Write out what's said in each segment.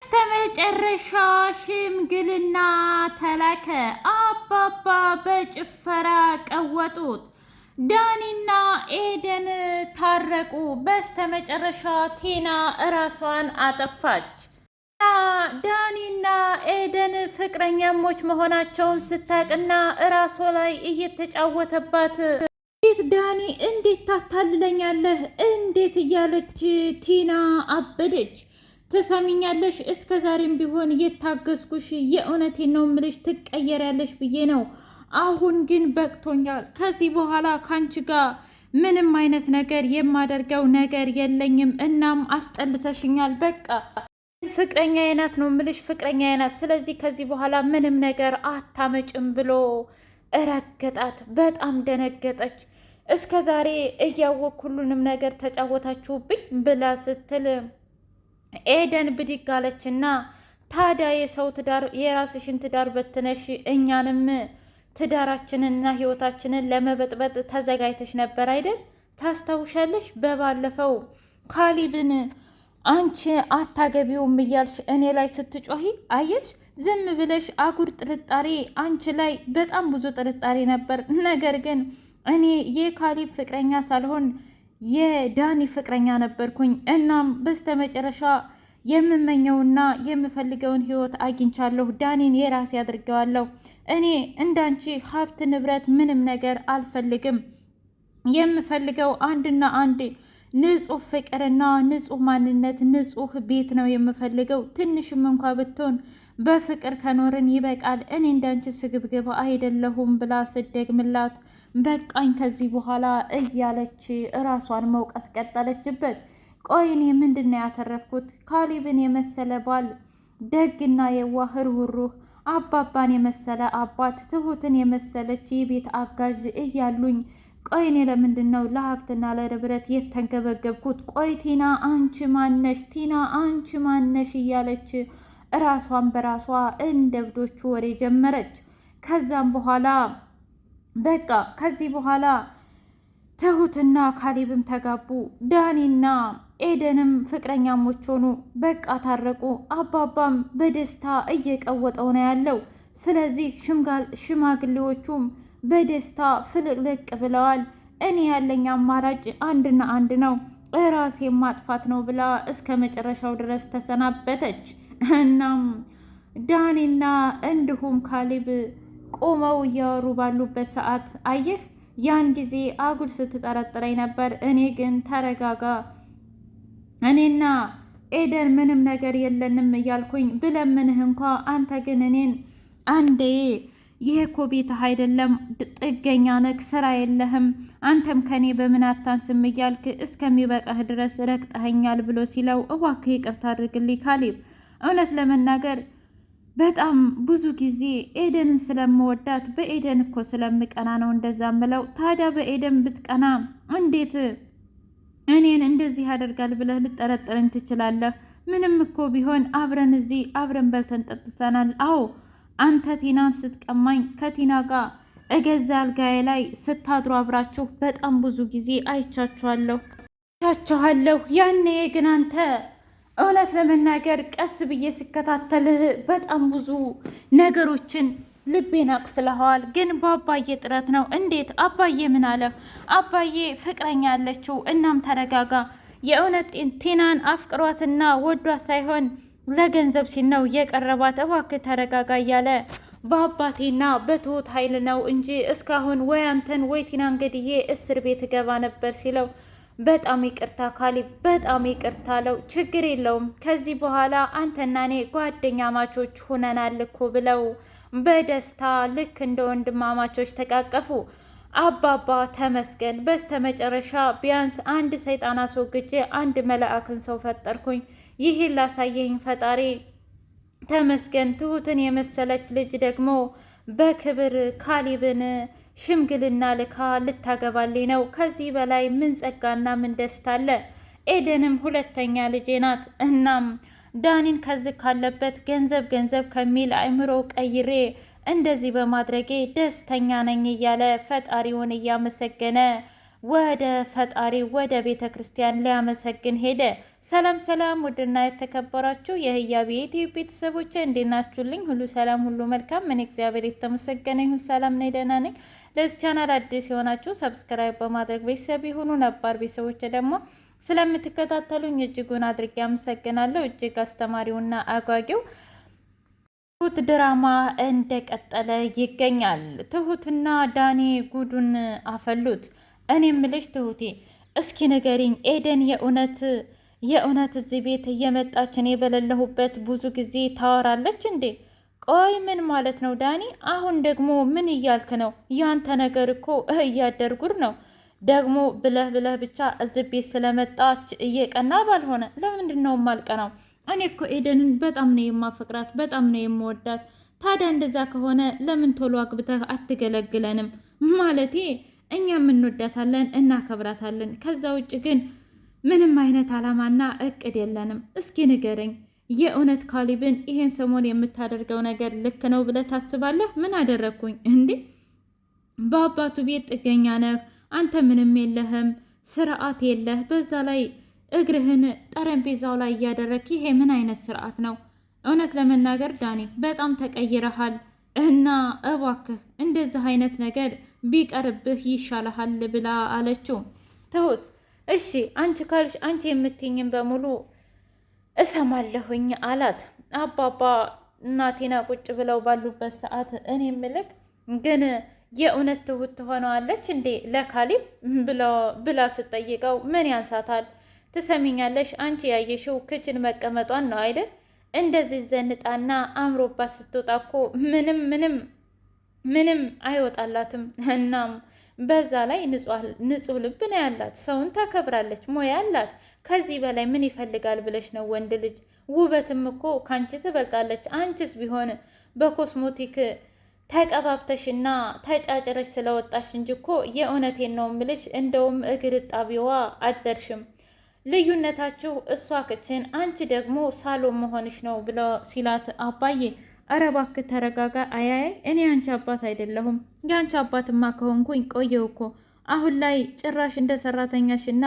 በስተመጨረሻ ሽምግልና ተላከ። አባባ በጭፈራ ቀወጡት። ዳኒና ኤደን ታረቁ። በስተመጨረሻ ቲና እራሷን አጠፋች። ዳኒና ኤደን ፍቅረኛሞች መሆናቸውን ስታቅና እራሷ ላይ እየተጫወተባት እንዴት ዳኒ እንዴት ታታልለኛለህ? እንዴት እያለች ቲና አበደች። ትሰሚኛለሽ? እስከ ዛሬም ቢሆን የታገስኩሽ የእውነቴን ነው ምልሽ ትቀየሪያለሽ ብዬ ነው። አሁን ግን በቅቶኛል። ከዚህ በኋላ ከአንቺ ጋር ምንም አይነት ነገር የማደርገው ነገር የለኝም። እናም አስጠልተሽኛል። በቃ ፍቅረኛ አይነት ነው ምልሽ ፍቅረኛ አይነት። ስለዚህ ከዚህ በኋላ ምንም ነገር አታመጭም ብሎ እረገጣት። በጣም ደነገጠች። እስከ ዛሬ እያወቅ ሁሉንም ነገር ተጫወታችሁብኝ ብላ ስትልም ኤደን ብድግ አለችና ታዲያ የሰው ትዳር የራስሽን ትዳር በትነሽ እኛንም ትዳራችንንና ህይወታችንን ለመበጥበጥ ተዘጋጅተሽ ነበር አይደል? ታስታውሻለሽ? በባለፈው ካሊብን አንቺ አታገቢውም እያልሽ እኔ ላይ ስትጮሂ አየሽ። ዝም ብለሽ አጉር ጥርጣሬ አንቺ ላይ በጣም ብዙ ጥርጣሬ ነበር። ነገር ግን እኔ የካሊብ ፍቅረኛ ሳልሆን የዳኒ ፍቅረኛ ነበርኩኝ። እናም በስተመጨረሻ የምመኘውና የምፈልገውን ህይወት አግኝቻለሁ። ዳኒን የራሴ አድርገዋለሁ። እኔ እንዳንቺ ሀብት፣ ንብረት፣ ምንም ነገር አልፈልግም። የምፈልገው አንድና አንድ ንጹህ ፍቅርና ንጹህ ማንነት፣ ንጹህ ቤት ነው የምፈልገው። ትንሽም እንኳ ብትሆን በፍቅር ከኖርን ይበቃል። እኔ እንዳንቺ ስግብግባ አይደለሁም ብላ ስደግምላት በቃኝ ከዚህ በኋላ እያለች እራሷን መውቀስ ቀጠለችበት። ቆይኔ ምንድን ነው ያተረፍኩት? ካሊብን የመሰለ ባል፣ ደግና የዋህ ርኅሩህ አባባን የመሰለ አባት፣ ትሁትን የመሰለች የቤት አጋዥ እያሉኝ ቆይኔ ለምንድን ነው ለሀብትና ለንብረት የተንገበገብኩት? ቆይ ቲና አንቺ ማነሽ? ቲና አንቺ ማነሽ? እያለች እራሷን በራሷ እንደ እብዶቹ ወሬ ጀመረች። ከዛም በኋላ በቃ ከዚህ በኋላ ትሁትና ካሌብም ተጋቡ። ዳኒና ኤደንም ፍቅረኛሞች ሆኑ። በቃ ታረቁ። አባባም በደስታ እየቀወጠው ነው ያለው። ስለዚህ ሽማግሌዎቹም በደስታ ፍልቅልቅ ብለዋል። እኔ ያለኝ አማራጭ አንድና አንድ ነው፣ እራሴ ማጥፋት ነው ብላ እስከ መጨረሻው ድረስ ተሰናበተች። እናም ዳኒና እንዲሁም ካሌብ ቆመው እያወሩ ባሉበት ሰዓት አየህ፣ ያን ጊዜ አጉል ስትጠረጥረኝ ነበር። እኔ ግን ተረጋጋ፣ እኔና ኤደን ምንም ነገር የለንም እያልኩኝ ብለምንህ እንኳ አንተ ግን እኔን አንዴ ይሄ እኮ ቤትህ አይደለም፣ ጥገኛ ነክ ስራ የለህም፣ አንተም ከኔ በምን አታንስም እያልክ እስከሚበቃህ ድረስ ረግጠኸኛል ብሎ ሲለው እባክህ ይቅርታ አድርግልኝ ካሌብ እውነት ለመናገር በጣም ብዙ ጊዜ ኤደንን ስለምወዳት በኤደን እኮ ስለምቀና ነው እንደዛ ምለው። ታዲያ በኤደን ብትቀና እንዴት እኔን እንደዚህ ያደርጋል ብለህ ልጠረጠረኝ ትችላለህ? ምንም እኮ ቢሆን አብረን እዚህ አብረን በልተን ጠጥተናል። አዎ አንተ ቲናን ስትቀማኝ ከቲና ጋር እገዛ አልጋዬ ላይ ስታድሩ አብራችሁ በጣም ብዙ ጊዜ አይቻችኋለሁ አይቻችኋለሁ። ያኔ ግን አንተ እውነት ለመናገር ቀስ ብዬ ስከታተልህ በጣም ብዙ ነገሮችን ልቤን አቁስለኸዋል። ግን በአባዬ ጥረት ነው። እንዴት አባዬ? ምን አለ አባዬ? ፍቅረኛ ያለችው እናም ተረጋጋ። የእውነት ቴናን አፍቅሯትና ወዷት ሳይሆን ለገንዘብ ሲል ነው የቀረባት። እባክህ ተረጋጋ እያለ በአባቴና በትሁት ኃይል ነው እንጂ እስካሁን ወይ አንተን ወይ እስር ቤት እገባ ነበር ሲለው በጣም ይቅርታ ካሊ በጣም ይቅርታ አለው። ችግር የለውም ከዚህ በኋላ አንተና እኔ ጓደኛ ማቾች ሁነናል እኮ ብለው በደስታ ልክ እንደ ወንድማማቾች ተቃቀፉ። አባባ ተመስገን፣ በስተመጨረሻ ቢያንስ አንድ ሰይጣን አስወግጄ አንድ መላእክን ሰው ፈጠርኩኝ። ይህን ላሳየኝ ፈጣሪ ተመስገን። ትሁትን የመሰለች ልጅ ደግሞ በክብር ካሊብን ሽምግልና ልካ ልታገባልኝ ነው። ከዚህ በላይ ምን ጸጋና ምን ደስታ አለ? ኤደንም ሁለተኛ ልጄ ናት። እናም ዳኒን ከዚህ ካለበት ገንዘብ ገንዘብ ከሚል አእምሮ ቀይሬ እንደዚህ በማድረጌ ደስተኛ ነኝ እያለ ፈጣሪውን እያመሰገነ ወደ ፈጣሪ ወደ ቤተ ክርስቲያን ሊያመሰግን ሄደ። ሰላም ሰላም! ውድና የተከበራችሁ የህያብ የኢትዮ ቤተሰቦች እንዴት ናችሁልኝ? ሁሉ ሰላም፣ ሁሉ መልካም። ምን እግዚአብሔር የተመሰገነ ይሁን። ሰላም ነኝ፣ ደህና ነኝ። ለዚህ ቻናል አዲስ የሆናችሁ ሰብስክራይብ በማድረግ ቤተሰብ የሆኑ ነባር ቤተሰቦች ደግሞ ስለምትከታተሉኝ እጅጉን አድርጌ አመሰግናለሁ። እጅግ አስተማሪውና አጓጊው ትሁት ድራማ እንደቀጠለ ይገኛል። ትሁትና ዳኒ ጉዱን አፈሉት። እኔ ምልሽ ትሁቴ፣ እስኪ ንገሪኝ ኤደን የእውነት የእውነት እዚህ ቤት እየመጣች እኔ በሌለሁበት ብዙ ጊዜ ታወራለች እንዴ? ቆይ ምን ማለት ነው ዳኒ? አሁን ደግሞ ምን እያልክ ነው? ያንተ ነገር እኮ እያደርጉር ነው ደግሞ ብለህ ብለህ ብቻ እዚህ ቤት ስለመጣች እየቀና ባልሆነ ለምንድን ነው የማልቀናው? እኔ እኮ ኤደንን በጣም ነው የማፈቅራት፣ በጣም ነው የምወዳት። ታዲያ እንደዛ ከሆነ ለምን ቶሎ አግብተህ አትገለግለንም? ማለቴ እኛም እንወዳታለን፣ እናከብራታለን። ከዛ ውጭ ግን ምንም አይነት አላማና እቅድ የለንም። እስኪ ንገረኝ የእውነት ካሊብን ይሄን ሰሞን የምታደርገው ነገር ልክ ነው ብለህ ታስባለህ? ምን አደረግኩኝ እንዴ? በአባቱ ቤት ጥገኛ ነህ አንተ፣ ምንም የለህም፣ ስርዓት የለህ። በዛ ላይ እግርህን ጠረጴዛው ላይ እያደረግ ይሄ ምን አይነት ስርዓት ነው? እውነት ለመናገር ዳኒ በጣም ተቀይረሃል፣ እና እባክህ እንደዚህ አይነት ነገር ቢቀርብህ ይሻልሃል ብላ አለችው ትሁት። እሺ አንቺ ካልሽ አንቺ የምትኝም በሙሉ እሰማለሁኝ አላት። አባባ እናቴና ቁጭ ብለው ባሉበት ሰዓት እኔ ምልክ ግን የእውነት ትሁት ትሆነዋለች እንዴ ለካሊብ ብላ ስጠይቀው ምን ያንሳታል? ትሰሚኛለሽ፣ አንቺ ያየሽው ክችን መቀመጧን ነው አይደል? እንደዚህ ዘንጣና አምሮባት ስትወጣ እኮ ምንም ምንም ምንም አይወጣላትም። እናም በዛ ላይ ንጹህ ልብ ነው ያላት፣ ሰውን ታከብራለች፣ ሞያ አላት። ከዚህ በላይ ምን ይፈልጋል ብለሽ ነው? ወንድ ልጅ ውበትም እኮ ከአንቺ ትበልጣለች። አንቺስ ቢሆን በኮስሞቲክ ተቀባብተሽና እና ተጫጭረሽ ስለወጣሽ እንጂ እኮ የእውነቴን ነው ምልሽ። እንደውም እግር ጣቢዋ አደርሽም። ልዩነታችሁ እሷ ክችን፣ አንቺ ደግሞ ሳሎን መሆንሽ ነው ብለ ሲላት አባዬ ኧረ እባክህ ተረጋጋ። አያያይ እኔ አንቺ አባት አይደለሁም። የአንቺ አባትማ ከሆንኩኝ ቆየው እኮ አሁን ላይ ጭራሽ እንደ ሰራተኛሽና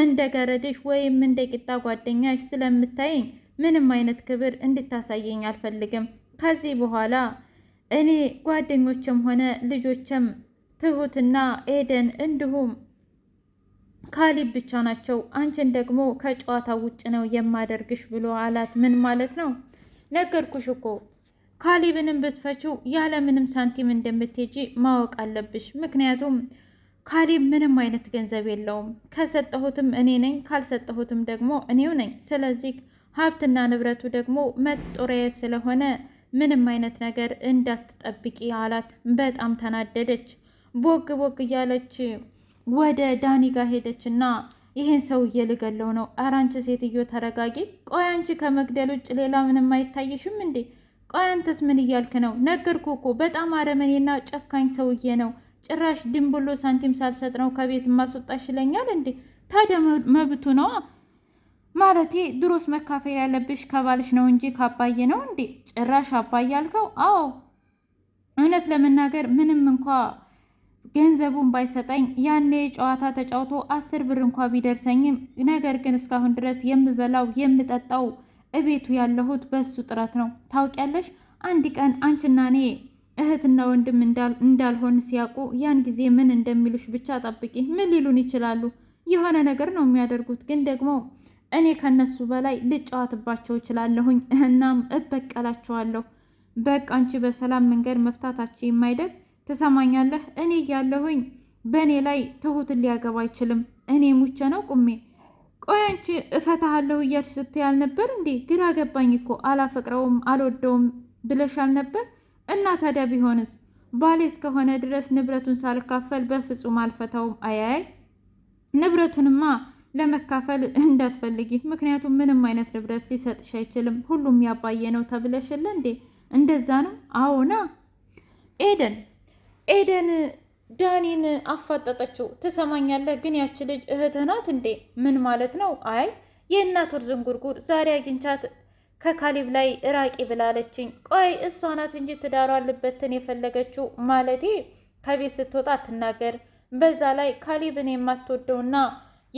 እንደ ገረድሽ ወይም እንደ ቂጣ ጓደኛሽ ስለምታይኝ ምንም አይነት ክብር እንድታሳየኝ አልፈልግም። ከዚህ በኋላ እኔ ጓደኞችም ሆነ ልጆችም ትሁትና ኤደን እንዲሁም ካሊብ ብቻ ናቸው። አንቺን ደግሞ ከጨዋታ ውጭ ነው የማደርግሽ ብሎ አላት። ምን ማለት ነው? ነገርኩሽ እኮ ካሊብንም ብትፈችው ያለምንም ሳንቲም እንደምትሄጂ ማወቅ አለብሽ። ምክንያቱም ካሌብ ምንም አይነት ገንዘብ የለውም። ከሰጠሁትም እኔ ነኝ፣ ካልሰጠሁትም ደግሞ እኔው ነኝ። ስለዚህ ሀብትና ንብረቱ ደግሞ መጦሪያ ስለሆነ ምንም አይነት ነገር እንዳትጠብቂ አላት። በጣም ተናደደች። ቦግ ቦግ እያለች ወደ ዳኒ ጋር ሄደችና ይህን ሰውዬ ልገለው ነው። ኧረ አንቺ ሴትዮ ተረጋጊ። ቆይ አንቺ ከመግደል ውጭ ሌላ ምንም አይታይሽም እንዴ? ቆይ አንተስ ምን እያልክ ነው? ነገርኩ እኮ በጣም አረመኔና ጨካኝ ሰውዬ ነው። ጭራሽ ድን ብሎ ሳንቲም ሳልሰጥ ነው ከቤት ማስወጣሽ ይለኛል እንዴ? ታዲያ መብቱ ነዋ። ማለቴ ድሮስ መካፈል ያለብሽ ከባልሽ ነው እንጂ ካባዬ ነው እንዴ? ጭራሽ አባዬ አልከው? አዎ እውነት ለመናገር ምንም እንኳ ገንዘቡን ባይሰጠኝ ያኔ ጨዋታ ተጫውቶ አስር ብር እንኳ ቢደርሰኝም ነገር ግን እስካሁን ድረስ የምበላው የምጠጣው እቤቱ ያለሁት በሱ ጥረት ነው። ታውቂያለሽ፣ አንድ ቀን አንቺና እኔ እህትና ወንድም እንዳልሆን ሲያውቁ ያን ጊዜ ምን እንደሚሉሽ ብቻ ጠብቂ። ምን ሊሉን ይችላሉ? የሆነ ነገር ነው የሚያደርጉት። ግን ደግሞ እኔ ከነሱ በላይ ልጫወትባቸው እችላለሁኝ። እናም እበቀላቸዋለሁ። በቃ አንቺ በሰላም መንገድ መፍታታቸው የማይደግ ትሰማኛለህ? እኔ እያለሁኝ በእኔ ላይ ትሁትን ሊያገባ አይችልም። እኔ ሙቼ ነው ቁሜ። ቆይ አንቺ እፈታሃለሁ እያልሽ ስትይ አልነበር እንዴ? ግራ ገባኝ እኮ። አላፈቅረውም አልወደውም ብለሽ አልነበር? እና ታዲያ ቢሆንስ ባሌ እስከሆነ ድረስ ንብረቱን ሳልካፈል በፍጹም አልፈታውም። አያይ ንብረቱንማ ለመካፈል እንዳትፈልጊ፣ ምክንያቱም ምንም አይነት ንብረት ሊሰጥሽ አይችልም። ሁሉም ያባየ ነው ተብለሽለ እንዴ? እንደዛ ነው። አዎና። ኤደን ኤደን ዳኒን አፋጠጠችው። ትሰማኛለህ? ግን ያች ልጅ እህትህ ናት እንዴ? ምን ማለት ነው? አይ የእናት ወር ዝንጉርጉር ዛሬ አግኝቻት ከካሊብ ላይ እራቂ ብላለችኝ። ቆይ እሷ ናት እንጂ ትዳሯ አለበትን የፈለገችው ማለቴ ከቤት ስትወጣ ትናገር። በዛ ላይ ካሊብን የማትወደውና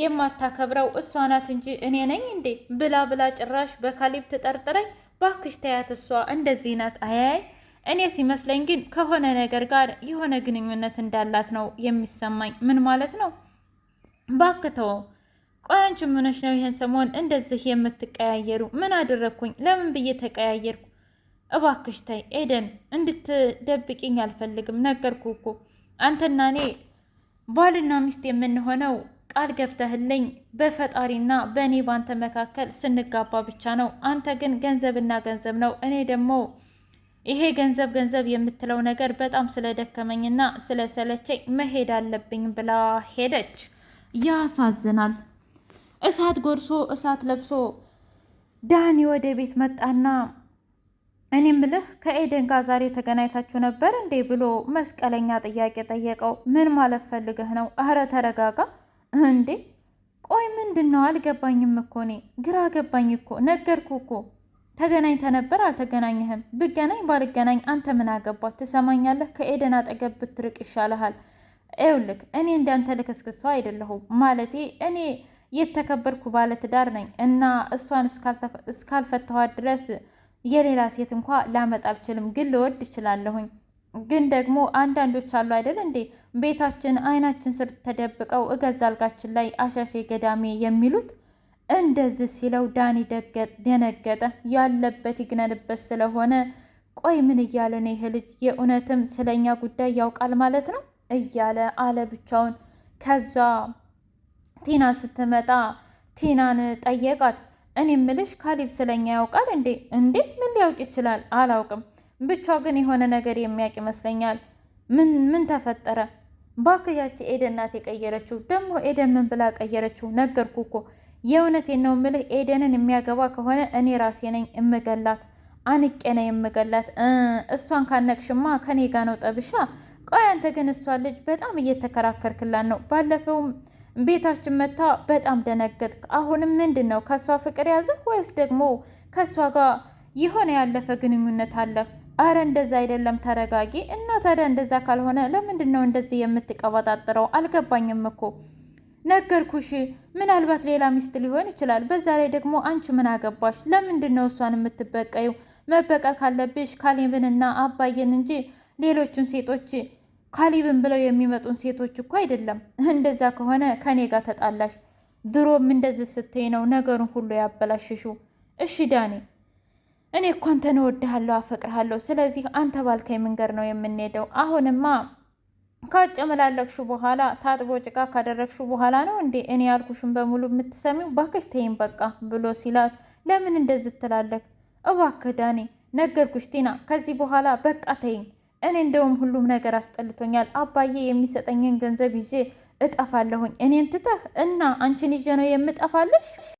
የማታከብረው እሷ ናት እንጂ እኔ ነኝ እንዴ ብላ ብላ ጭራሽ በካሊብ ትጠርጥረኝ። ባክሽ ተያት፣ እሷ እንደዚህ ናት። አያይ እኔ ሲመስለኝ ግን ከሆነ ነገር ጋር የሆነ ግንኙነት እንዳላት ነው የሚሰማኝ። ምን ማለት ነው? ባክተው ቆይ አንቺ ምን ሆነሽ ነው ይሄን ሰሞን እንደዚህ የምትቀያየሩ? ምን አደረግኩኝ? ለምን ብዬ ተቀያየርኩ? እባክሽ ታይ ኤደን፣ እንድትደብቅኝ አልፈልግም። ነገርኩ እኮ አንተና እኔ ባልና ሚስት የምንሆነው ቃል ገብተህልኝ በፈጣሪና በእኔ ባንተ መካከል ስንጋባ ብቻ ነው። አንተ ግን ገንዘብና ገንዘብ ነው። እኔ ደግሞ ይሄ ገንዘብ ገንዘብ የምትለው ነገር በጣም ስለደከመኝና ስለሰለቸኝ መሄድ አለብኝ ብላ ሄደች። ያሳዝናል። እሳት ጎርሶ እሳት ለብሶ ዳኒ ወደ ቤት መጣና እኔ ምልህ ከኤደን ጋር ዛሬ ተገናኝታችሁ ነበር እንዴ ብሎ መስቀለኛ ጥያቄ ጠየቀው። ምን ማለት ፈልገህ ነው? አረ ተረጋጋ እንዴ። ቆይ ምንድን ነው አልገባኝም እኮ እኔ ግራ ገባኝ እኮ ነገርኩ እኮ ተገናኝተ ነበር አልተገናኘህም? ብገናኝ ባልገናኝ አንተ ምን አገባት? ትሰማኛለህ? ከኤደን አጠገብ ብትርቅ ይሻልሃል። ይኸውልህ እኔ እንዳንተ ልክስክስ ሰው አይደለሁም ማለቴ እኔ የተከበርኩ ባለትዳር ነኝ እና እሷን እስካልፈታኋት ድረስ የሌላ ሴት እንኳ ላመጣ አልችልም። ግን ልወድ እችላለሁኝ። ግን ደግሞ አንዳንዶች አሉ አይደል እንዴ ቤታችን አይናችን ስር ተደብቀው እገዛ አልጋችን ላይ አሻሼ ገዳሜ የሚሉት እንደዚህ ሲለው ዳኒ ደነገጠ። ያለበት ይግነንበት ስለሆነ ቆይ ምን እያለ ነው ልጅ? የእውነትም ስለኛ ጉዳይ ያውቃል ማለት ነው እያለ አለ ብቻውን ከዛ ቲና ስትመጣ ቲናን ጠየቃት። እኔ ምልሽ ካሊብ ስለኛ ያውቃል እንዴ? እንዴ ምን ሊያውቅ ይችላል? አላውቅም። ብቻ ግን የሆነ ነገር የሚያውቅ ይመስለኛል። ምን ምን ተፈጠረ? ባክያች ኤደን ናት የቀየረችው። ደግሞ ኤደን ምን ብላ ቀየረችው? ነገርኩ እኮ የእውነቴን ነው ምልህ። ኤደንን የሚያገባ ከሆነ እኔ ራሴ ነኝ እምገላት፣ አንቄ ነኝ እምገላት። እሷን ካነቅሽማ ከኔ ጋ ነው ጠብሻ። ቆይ አንተ ግን እሷን ልጅ በጣም እየተከራከርክላት ነው ባለፈውም ቤታችን መታ በጣም ደነገጥክ። አሁንም ምንድን ነው ከእሷ ፍቅር ያዘህ ወይስ ደግሞ ከእሷ ጋር የሆነ ያለፈ ግንኙነት አለህ? አረ እንደዛ አይደለም፣ ተረጋጊ። እና ታዲያ እንደዛ ካልሆነ ለምንድን ነው እንደዚህ የምትቀባጣጥረው? አልገባኝም እኮ ነገርኩሽ። ምናልባት ሌላ ሚስት ሊሆን ይችላል። በዛ ላይ ደግሞ አንቺ ምን አገባሽ? ለምንድን ነው እሷን የምትበቀዩ? መበቀል ካለብሽ ካሌብንና አባየን እንጂ ሌሎቹን ሴቶች ካሊብን ብለው የሚመጡን ሴቶች እኮ አይደለም። እንደዛ ከሆነ ከኔ ጋር ተጣላሽ። ድሮም እንደዚህ ስትይ ነው ነገሩን ሁሉ ያበላሽሹ። እሺ ዳኔ፣ እኔ እኮ አንተን እወድሃለሁ፣ አፈቅርሃለሁ። ስለዚህ አንተ ባልከኝ መንገድ ነው የምንሄደው። አሁንማ ካጨመላለቅሹ በኋላ ታጥቦ ጭቃ ካደረግሹ በኋላ ነው እንዴ እኔ ያልኩሽን በሙሉ የምትሰሚው? ባክሽ ተይም በቃ ብሎ ሲላት፣ ለምን እንደዚህ ትላለህ? እባክህ ዳኔ፣ ነገርኩሽ ቲና፣ ከዚህ በኋላ በቃ ተይኝ እኔ እንደውም ሁሉም ነገር አስጠልቶኛል። አባዬ የሚሰጠኝን ገንዘብ ይዤ እጠፋለሁኝ። እኔን ትተህ እና አንቺን ይዤ ነው የምጠፋለሽ?